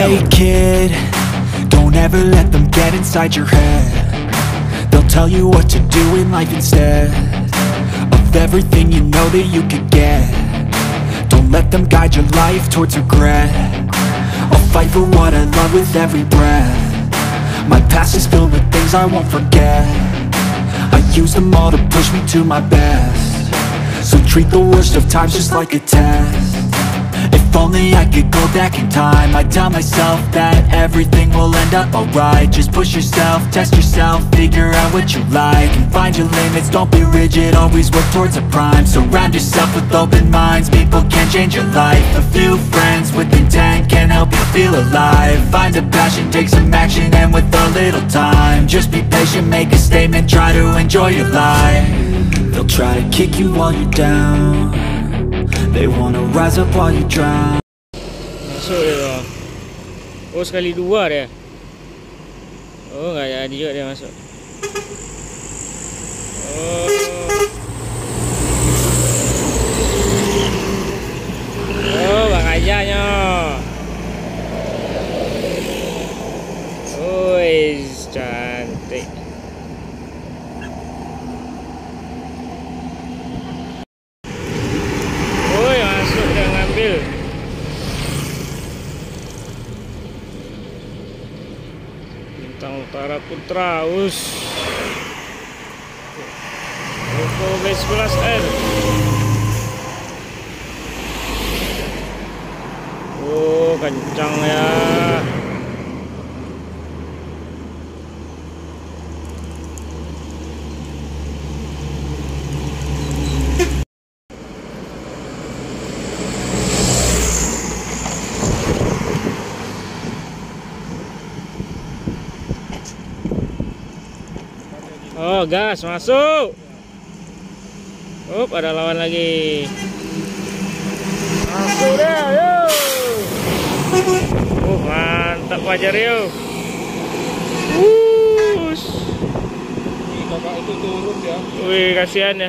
Hey kid, don't ever let them get inside your head They'll tell you what to do in life instead Of everything you know that you could get Don't let them guide your life towards regret I'll fight for what I love with every breath My past is filled with things I won't forget I use them all to push me to my best So treat the worst of times just like a test if only I could go back in time I'd tell myself that everything will end up alright Just push yourself, test yourself, figure out what you like And find your limits, don't be rigid, always work towards a prime Surround yourself with open minds, people can change your life A few friends with intent can help you feel alive Find a passion, take some action, and with a little time Just be patient, make a statement, try to enjoy your life They'll try to kick you while you're down they wanna rise up while you drown Masuk dia tu Oh sekali dua dia Oh gak jadi juga dia masuk Oh mobil bintang utara putra terus. Volvo V11R oh kencang ya Oh, gas masuk. Up, ada lawan lagi. Masuk deh, ayo. Uh, oh, mantap wajar yo. Kakak itu turun ya. Wih, kasihan ya.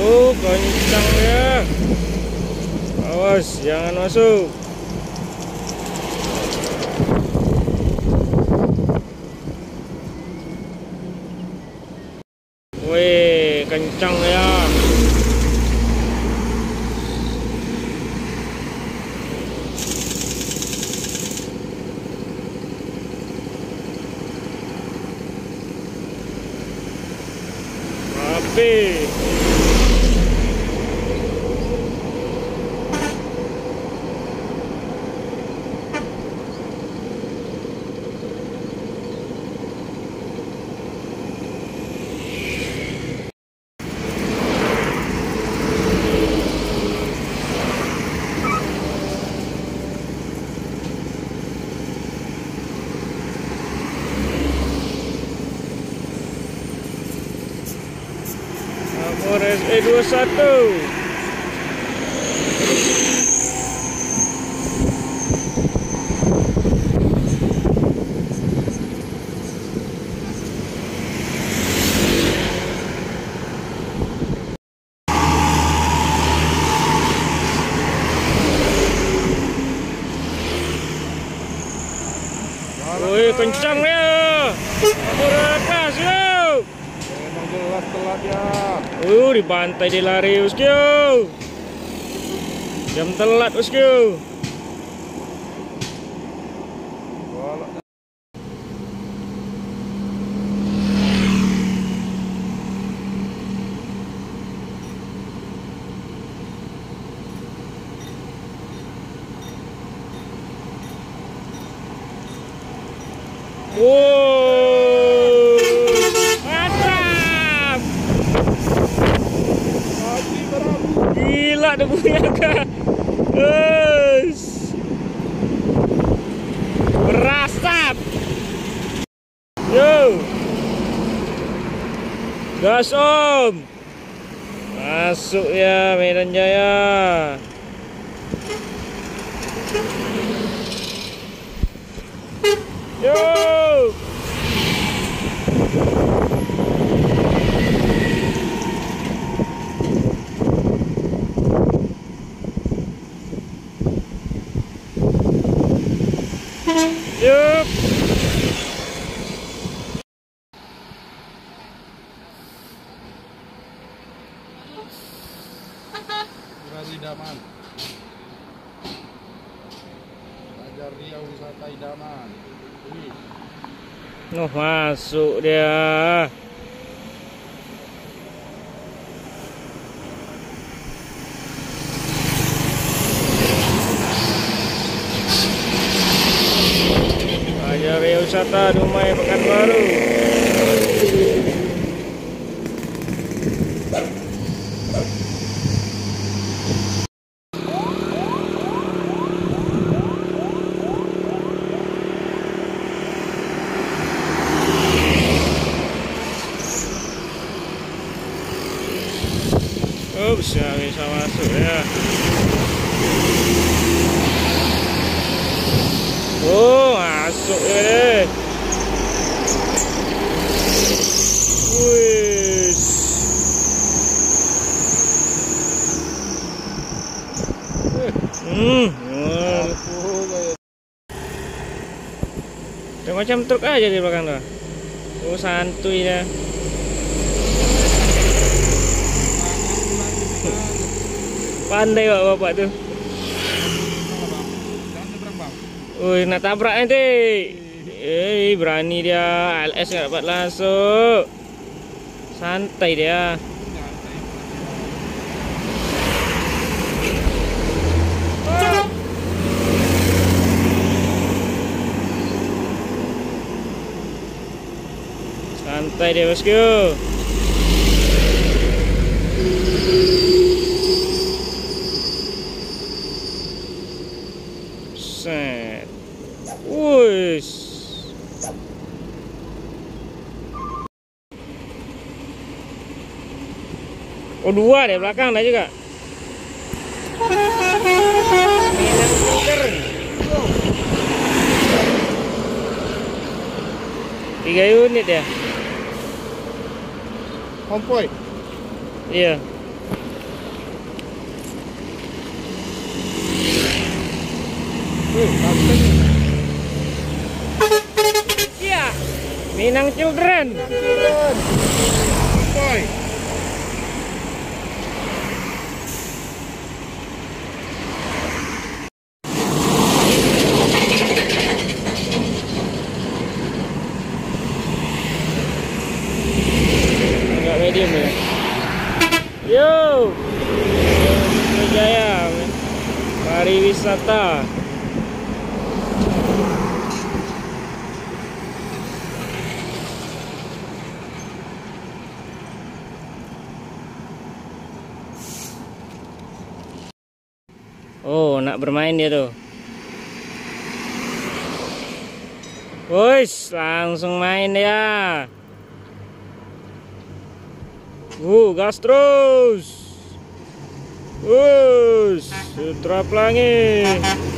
Oh kencang ya Awas jangan masuk Wih kencang ya Polres E21 eh, bantai dia lari Uskyo. jam telat uskyo. Whoa! Gas om Masuk ya Medan Jaya Yo idaman Banjar Riau wisata idaman ini Nuh oh, masuk dia Banjar Riau wisata Dumai Pekanbaru Ups, nggak bisa masuk ya. Oh, masuk ya deh. Hmm, Udah hmm. macam truk aja di belakang tuh. Oh, santuy ya. Pandai pak bapak tuh. Woi, nak tabrak nanti. Eh, eh, berani dia. LS nggak dapat langsung. Santai dia. Santai dia bosku. Buset. Wush. Oh dua deh belakang ada juga. Tiga unit ya. Kompoi. Iya. Iya. Minang Children. Minang Children. Boy. Agak medium ya. Yo. Jaya pariwisata. Oh, nak bermain dia tuh. Wush, langsung main ya. Uh, gas terus. Wush, sutra pelangi.